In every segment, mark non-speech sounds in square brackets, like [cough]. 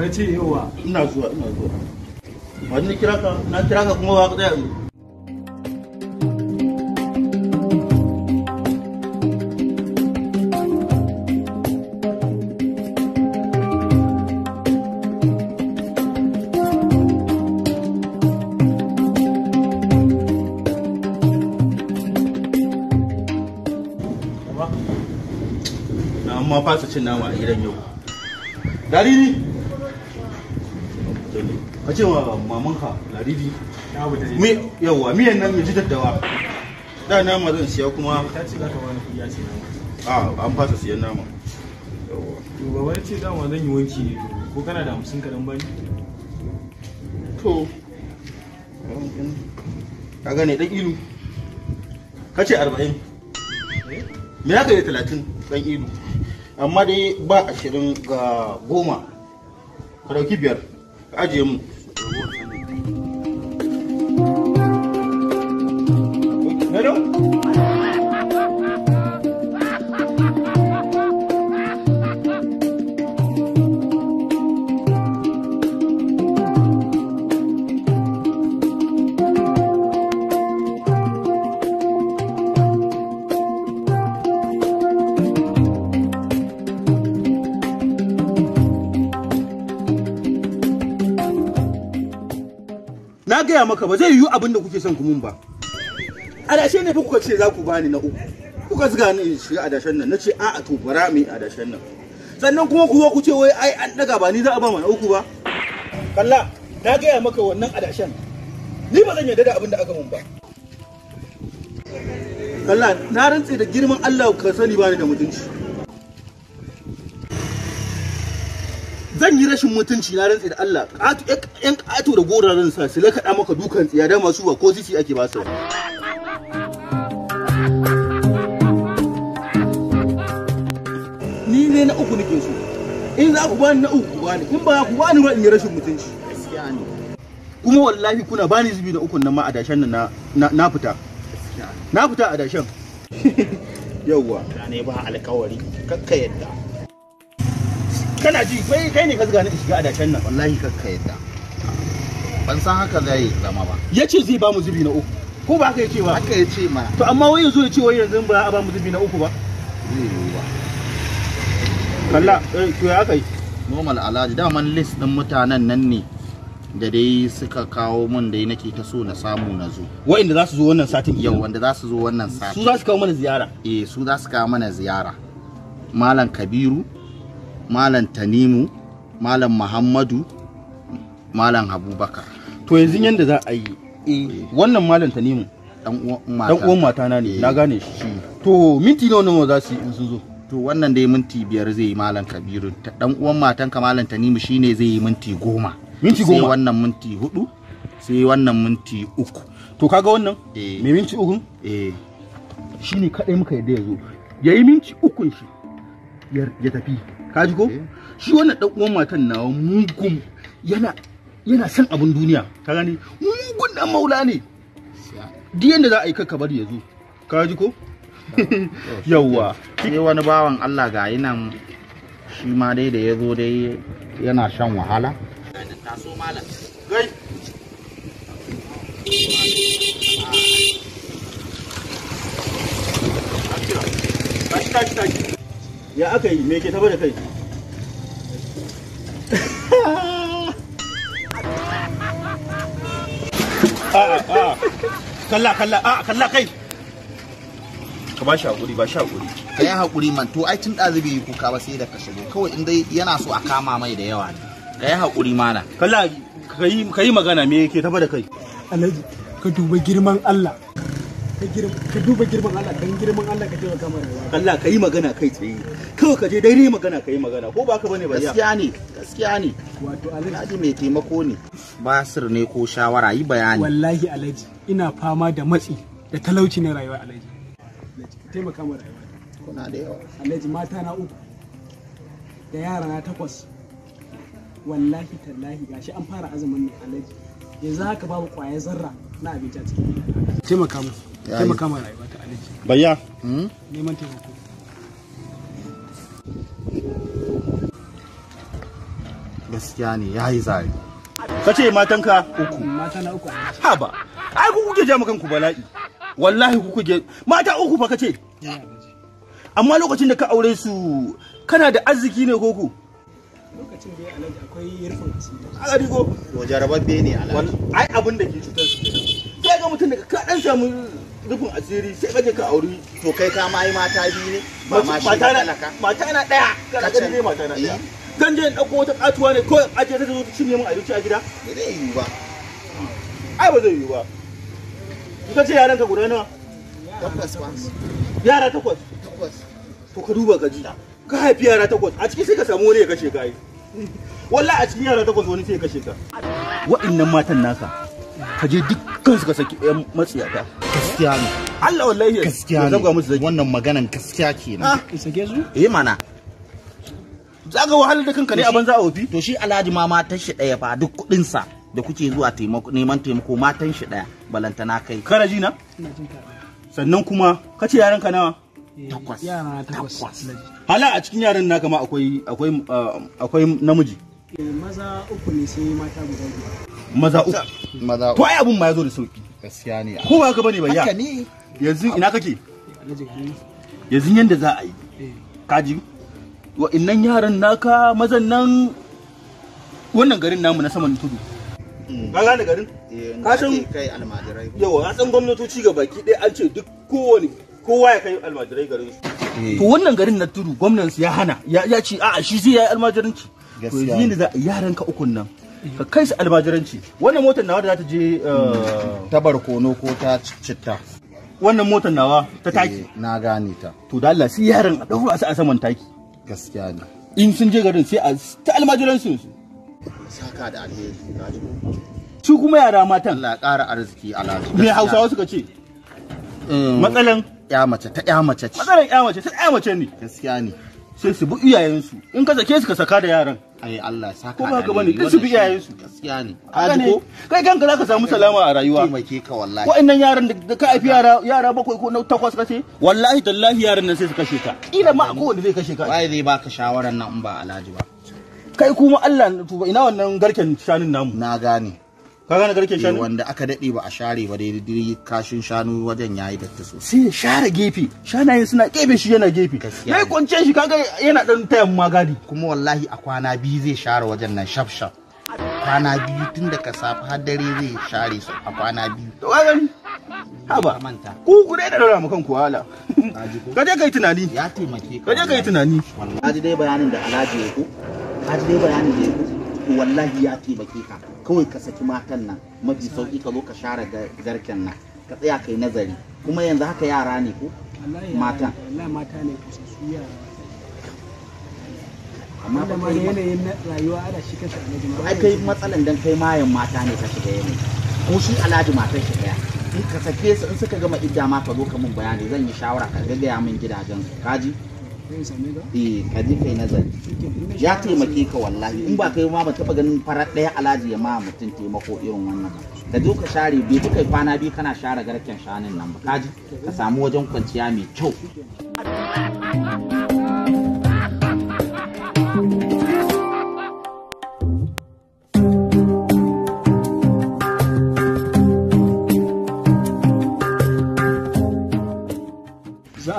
wa ya ce yawa ina zuwa ina zuwa wani kira ka na kira ka kuma ba ka tsaya na ma fasa cin nama a gidan yau. Dari ka ce wa mamanka ladidi mi yawa miyan nan mai ji daddawa da nama zan siya kuma ta ce za wani kuya ce nama a an fasa siyan nama yawa to baba ce dama zan yi wanki ne ko kana da hamsin kaɗan bani to ka gane dan ilu ka ce arba'in eh? me ya kai talatin dan ilu amma dai ba ashirin ga goma ka dauki biyar ka ajiye mu na gaya maka ba zai yiwu abin da kuke son ku mun ba adashe ne fa kuka ce za ku bani na uku kuka zuga ni in shiga adashen nan nace a'a to bara mu adashen nan sannan kuma zo ku ce wai ai an daga ba ni za a ba mana uku ba kalla na gaya maka wannan adashen ni ba zan yarda da abin da aka mun ba kalla na rantse da girman Allah ka sani bani da mutunci rashin mutunci na rantsi da Allah yan ƙato da goraren sa su lakaɗa maka dukan tsiyada masu ba ko sisi ake ba su ni ne na uku nake so in za ku bani na uku ku bani in ba ku bani ba in yi rashin mutunci kuma wallahi kuna bani zubi na ukun nan ma a dashen nan na fita na fita a dashen [laughs] ne ba alkawari kakka yadda kana ji kai kai ne ka zuga ni shiga adashen nan wallahi kakka yadda ban san haka zai zama ba yace zai ba mu zubi na uku ko ba haka yace ba haka yace ma to amma wai yanzu yace wai yanzu ba a ba mu zubi na uku ba zai yi ba kalla eh, to ya kai normal alaji daman list din mutanen nan ne da dai suka kawo mun dai nake ta so na samu na zo wa'inda za su zo wannan satin yau wanda za su zo wannan satin su za su kawo mana ziyara eh su za su kawo mana ziyara malam kabiru malam tanimu malam muhammadu malam abubakar to yanzu yadda za a yi eh, wannan malam tanimu dan uwan mata na ne na eh, gane shi to minti nawa nawa za su yi in sun zo to wannan dai minti biyar zai yi malam kabiru dan uwan matanka malam tanimu shine zai yi minti goma minti goma sai wannan minti hudu sai wannan minti uku to kaga wannan eh. mai minti uku eh shine kadai muka yadda ya zo yayi minti ukun shi ya tafi ka ji eh. matan nawa mugun yana yana son abin duniya ka gani mugun maula ne duk yanda za a yi kakka bari ya ko [laughs] yawwa sai wani bawan Allah ga nan shi ma dai da ya zo dai yana shan wahala ya aka yi me ke taba da kai kalla kalla a kalla kai ka ba shi hakuri ba shi hakuri ka yi hakuri man to ai tun ɗazu bai yi kuka ba sai da ka shigo kawai in dai yana so a kama mai da yawa ne ka yi hakuri mana kalla ka yi magana me ke taba da kai alhaji ka duba girman Allah ka duba girman Allah kan girman Allah ka taimaka mana Allah ka yi magana kai tsaye kawai ka je daidai magana ka yi magana ko ba ka bane ba gaskiya ne gaskiya ne wato alhaji mai taimako ne basir ne ko shawara yi bayani wallahi alhaji ina fama da matsi da talauci na rayuwa alhaji taimaka mana rayuwa kuna da yawa alhaji mata na uku da yara na takwas wallahi tallahi gashi an fara azumin ne alhaji yanzu haka babu kwaya zarra na abinci a cikin taimaka musu taimaka ma rayuwa ta bayya hmm? neman taimako gaskiya ne ya yi zari ka ce matanka uku mata na uku ha ba ai ku kuke ja kanku bala'i wallahi ku kuke mata uku fa ka ce amma lokacin da ka aure su kana da arziki ne ko ku lokacin da akwai asiri ko ne ai abin da ke cutar su ga mutum da ka dan samu rufin asiri sai kaje ka auri to kai ka mai mata biyu ne ba ma shi talaka mata na daya kana gani ne mata na daya eh. zan je in dauko wata katuwa ne ko aje ta zo ta cinye min abinci a gida ba zai yi ba ai ba zai yi ba ka ce yaran ka guda nawa takwas yara takwas takwas to ka duba ka ji ka haifi yara takwas a cikin sai ka samu wani ya kashe ka yi wallahi a cikin yara takwas wani sai ya kashe ka wa'annan matan naka ka je dukkan su ka saki yan ta gaskiya ne Allah wallahi gaskiya ne zaka musu zaki wannan maganan gaskiya kenan ah, ka sake su eh mana zaka wahalar da kanka ne a banza a wofi to shi Alhaji ma matan shi daya fa duk kudin sa da kuke zuwa taimako neman taimako matan shi daya balantana kai kana ji na sannan kuma kace yaranka nawa eh, takwas yara takwas hala a cikin yaran naka ma akwai akwai ah, akwai namiji eh, maza uku ne sai mata guda biyu maza uku maza to ai abun ma zo da sauki gaskiya ne ko ba ka bane bayya yanzu ina kake yanzu yanda za a yi eh. kaji wa wa'innan yaran naka mazan nan wannan garin namu na saman tudu mm. ka gane garin eh, ka san kai almajirai yawa ka san gwamnatoci ga baki ɗaya an ce duk kowane kowa ya kai almajirai garin su eh. to wannan garin na tudu gwamnan su ya hana ya ce a'a shi zai yi almajiranci to yanzu ne za yaran ka ukun nan ka kai su almajiranci wannan motar nawa da za ta je eh, ta barkono ko ta citta wannan motar nawa ta eh, taki na gane ta to da Allah sai yaran a daura su a saman taki gaskiya ne in sun je garin sai a ta almajiransu su saka da alheri su kuma yara matan Allah ƙara arziki alhaji me Hausawa suka ce eh, matsalan ya mace ta ya mace ce matsalan ya mace ta ya mace ne gaskiya ne sai su bi iyayensu in ka sake su ka saka da yaran ai Allah saka ko ba ka bane duk su bi iyayen su gaskiya ne ka ko kai kanka zaka samu salama a rayuwa taimake ka wallahi ko innan yaran da ka haifi yara yara bakwai ko na takwas kace wallahi tallahi yaran nan sai su kashe ka kila ma ko wanda zai kashe ka wai zai baka shawaran nan in ba alhaji ba kai kuma Allah ina wannan garken shanun namu na gane ka gane garke eh, shanu wanda aka dade ba a share ba dai dai kashin shanu wajen yayi datti so sai share gefe shanayen suna kebe shi yana gefe mai kwance shi kaga yana dan tayan magadi kuma wallahi a kwana biyu zai share wajen nan shaf shaf kwana biyu tun daga safe har dare zai share su a kwana biyu to gani haba ku ku dai da rara mu kanku wahala [laughs] ka je kai tunani ya taimake ka je kai tunani wallahi dai bayanin da alaji ya ku ka dai bayanin da ya ku wallahi ya taimake ka kawai ka saki matan nan mafi sauki ka zo ka share garken nan ka tsaya kai nazari kuma yanzu haka yara ne ko mata mata ne kusa su yara amma da mai yanayin rayuwa ada shi kansa alhaji ai kai matsalan dan kai mayan mata ne ka shiga yanayi ko shi alhaji matan shi daya in ka sake su in suka gama idda ma ka zo ka mun bayani zan yi shawara ka gaggaya min gidajen kaji eh ka je kai nazari ya taimake ka wallahi in ba kai ma ba taba ganin farar daya alaji ya ma mutum taimako irin wannan ka zo ka share bai kai kwana biyu kana share garken shanin nan ba ka ji ka samu wajen kwanciya mai kyau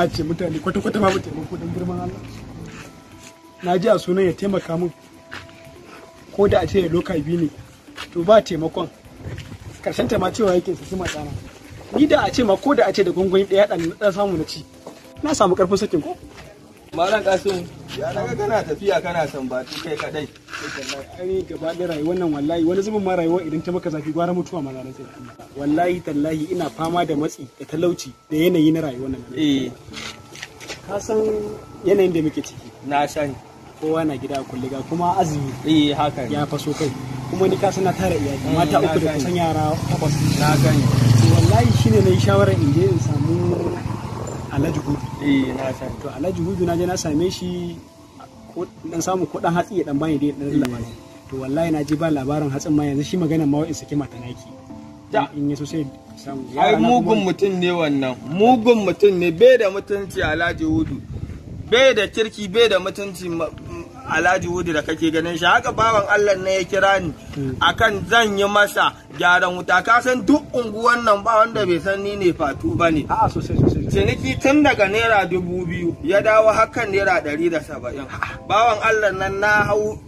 a ce mutane kwata-kwata babu taimako don girman Allah na ji a sunan ya taimaka min ko da a ce ya loka biyu ne to ba taimakon karshen ta ma cewa yake su tsana. ni da a ce ma ko da a ce da gungun ɗaya ɗan samu na ci na samu ƙarfin sakin ko Malam Kasim ya daga kana tafiya kana sambatu kai kadai. Ai gaba da rayuwar nan wallahi wani zubin ma rayuwa idan ta maka zafi gwara mutuwa ma ranar sai. Wallahi tallahi ina fama da matsi da talauci da yanayi na rayuwar nan. Eh. Ka san yanayin da muke ciki. Na sani. Kowa na gida a kulliga kuma azumi. Eh haka. Ya faso kai. kuma ni kasan na tara iyali mm, mata uku da kusan yara takwas. Na gani. Wallahi shine na yi shawarar in je in samu alhaji hudu eh, to alhaji hudu na je na same shi dan samu kuɗin hatsi ya dan bani dai dan labari eh. to wallahi na ji ba labarin hatsin ma yanzu shi magana ma wa'in saki mata naki da in yaso sai ai mugun mutum ne wannan mugun mutum ne bai da mutunci alhaji hudu bai da kirki bai da mutunci alhaji wudi da kake ganin shi haka bawan allah ne ya kira ni akan zan yi masa gyaran wuta ka san duk unguwan nan ba wanda bai san ni ne fatu ba ne a'a sosai sosai ciniki tun daga naira dubu biyu ya dawo hakan naira ɗari da saba'in bawan allah nan na hau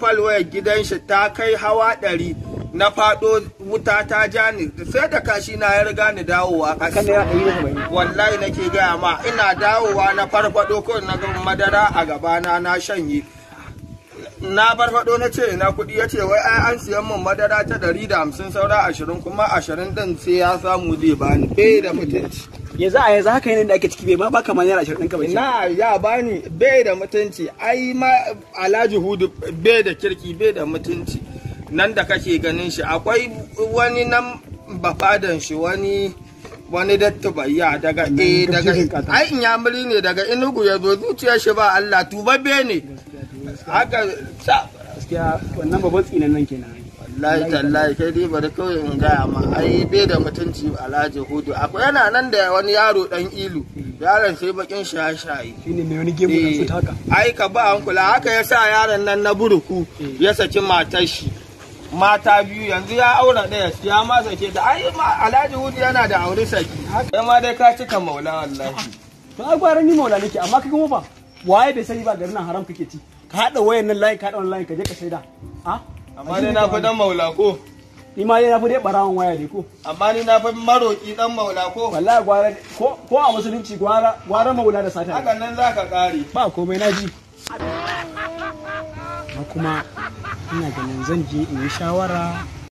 falwayar gidan shi ta kai hawa ɗari na faɗo wuta ta ja ni sai da kashi na ya riga ni dawowa wallahi nake gaya ma ina dawowa na farfado ko na madara a gabana na shanye na bar faɗo na ce na kuɗi ya ce wai ai an siyan min madara ta ɗari da hamsin saura ashirin kuma ashirin ɗin sai ya samu zai bani bai da mutunci yanzu a yanzu haka yanayin da ake ciki bai ba baka ma naira ashirin ka bai na ya bani bai da mutunci ai ma alhaji hudu bai da kirki bai da mutunci nan da kake ganin shi akwai wani nan bafadan shi wani wani dattibayya daga eh daga ai inyamuri ne daga inugu ya zo zuciya shi ba Allah tuba ne haka sa gaskiya wannan babban tsinan nan kenan wallahi tallahi kai dai bari kawai in gaya ma ai bai da mutunci alhaji hudu akwai yana nan da wani yaro dan ilu yaron sai bakin shaye-shaye shine mai wani gemu da su eh. ai ka ba an kula haka sa yaron nan na buruku eh. ya saki matar shi mata biyu yanzu ya aura ɗaya ya ma sake da ai alhaji hudu yana da aure saki haka ma dai ka cika maula wallahi to ai gwara ni maula nake amma ka kuma ba waye bai sani ba garin nan haram kake ci ka haɗa wayan nan layi ka haɗa wani layi ka je ka saida a ah? amma dai na fi dan maula ko ni ma na fi dai ɓarawan waya ne ko amma ni na fi maroƙi dan maula ko wallahi gwara ko a musulunci gwara gwara maula da sata hakan nan za ka ƙare ba komai na ji na kuma ina ganin zan je in yi shawara